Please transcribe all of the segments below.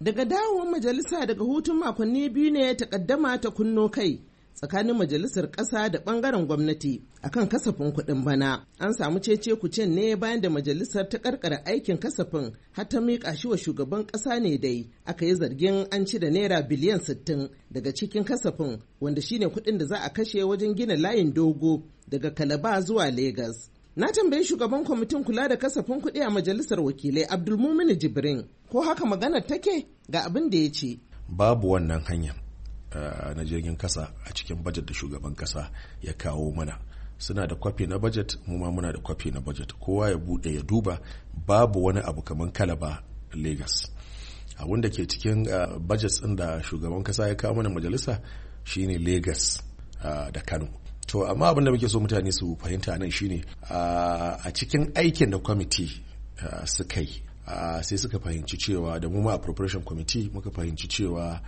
Daga dawowar majalisa daga hutun makonni biyu ne takaddama ta kunno kai tsakanin majalisar ƙasa da ɓangaren gwamnati akan kasafin kuɗin bana. An samu cece kucen ne bayan da majalisar ta karkara aikin kasafin har ta miƙa shi wa shugaban ƙasa ne dai aka yi zargin an ci da naira biliyan sittin daga cikin kasafin wanda shine kuɗin da za a kashe wajen gina layin dogo daga Kalaba zuwa Legas. Na tambayi shugaban kwamitin kula da kasafin kuɗi a majalisar wakilai Abdulmumini Jibrin ko haka maganar take ga abin da ya ce. Babu wannan hanya eh, na jirgin kasa a cikin bajet da shugaban kasa ya kawo mana. Suna da kwafi na bajet mu ma muna da kwafi na bajet kowa ya buɗe ya duba babu wani abu kamar kalaba Lagos. Abin da ke cikin eh, bajet inda da shugaban kasa ya kawo mana majalisa shine Lagos eh, da Kano. to amma abin da muke so mutane su fahimta nan shine a cikin aikin da kwamiti su kai sai suka fahimci cewa da mu ma appropriation committee muka fahimci cewa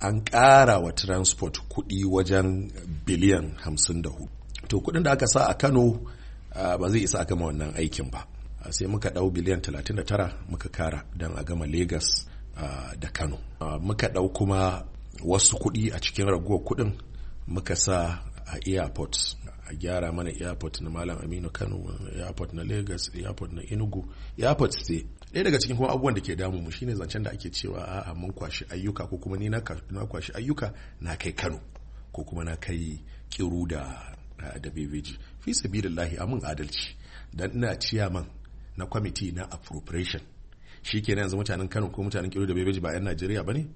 an ƙara wa transport kuɗi wajen biliyan 54 to kuɗin da aka sa a kano ba zai isa a gama wannan aikin ba sai muka ɗau biliyan 39 muka kara don a gama lagos da kano muka ɗau kuma wasu kuɗi a cikin raguwar kuɗin muka sa a airport a gyara mana airport na malam aminu kano airport na lagos airport na enugu airport sai ɗaya daga cikin kuma abubuwan da ke damu mu shine zancen da ake cewa a'a mun kwashi ayyuka ko kuma ni na kwashi ayyuka na kai kano ko kuma na kai kiru da da bebeji fi sabilillahi amin adalci dan ina ciyaman na kwamiti na appropriation shikenan yanzu mutanen kano ko mutanen kiru da bebeji ba yan najeriya ba ne?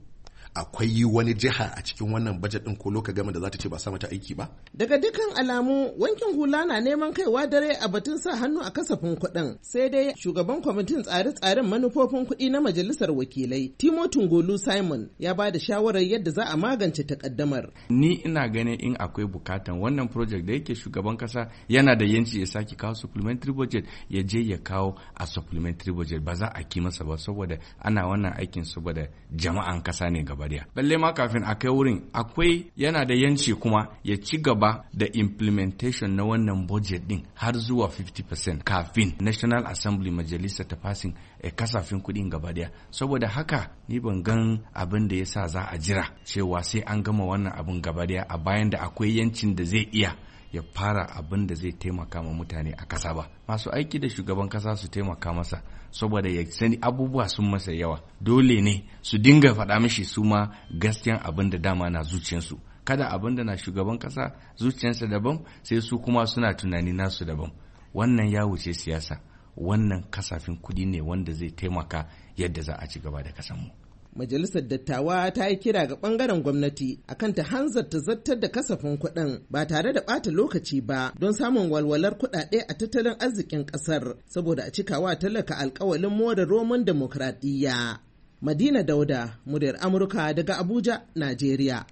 akwai wani jiha a cikin wannan bajet din ko loka gama da za ta ce ba sa mata aiki ba daga dukkan alamu wankin hula na neman kaiwa dare a batun sa hannu a kasafin kuɗin sai dai shugaban kwamitin tsare-tsaren manufofin kuɗi na majalisar wakilai timotin golu simon ya ba da shawarar yadda za a magance takaddamar ni ina ganin in akwai bukatan wannan project da yake shugaban kasa yana da yanci ya sake kawo supplementary budget ya je ya kawo a supplementary budget ba za a ki masa ba saboda ana wannan aikin saboda jama'an kasa ne gaba balle ma kafin a kai wurin akwai yana da yanci kuma ya ci gaba da implementation na wannan budget din har zuwa 50% kafin national assembly majalisa ta fasin a eh, kasafin kuɗin gaba daya saboda haka ni ban gan abin da ya sa za a jira cewa sai an gama wannan abin gaba daya a bayan da akwai yancin da zai iya ya fara abin da zai taimaka ma mutane a kasa ba masu aiki da shugaban kasa su taimaka masa saboda ya sani abubuwa sun masa yawa dole ne su dinga faɗa mishi su ma gaskiyan abin da dama na zuciyarsu kada abin da na shugaban kasa zuciyarsa daban sai su kuma suna tunani nasu daban wannan ya wuce siyasa wannan kasafin kuɗi ne wanda zai taimaka yadda za a ci gaba da kasanmu Majalisar Dattawa ta yi kira ga bangaren gwamnati akan ta hanzarta zartar da kasafin kuɗin ba tare da ɓata lokaci ba don samun walwalar kuɗaɗe a tattalin arzikin ƙasar saboda a cikawa talaka alkawalin more roman demokradiyya. Madina Dauda, muryar Amurka daga Abuja, Najeriya.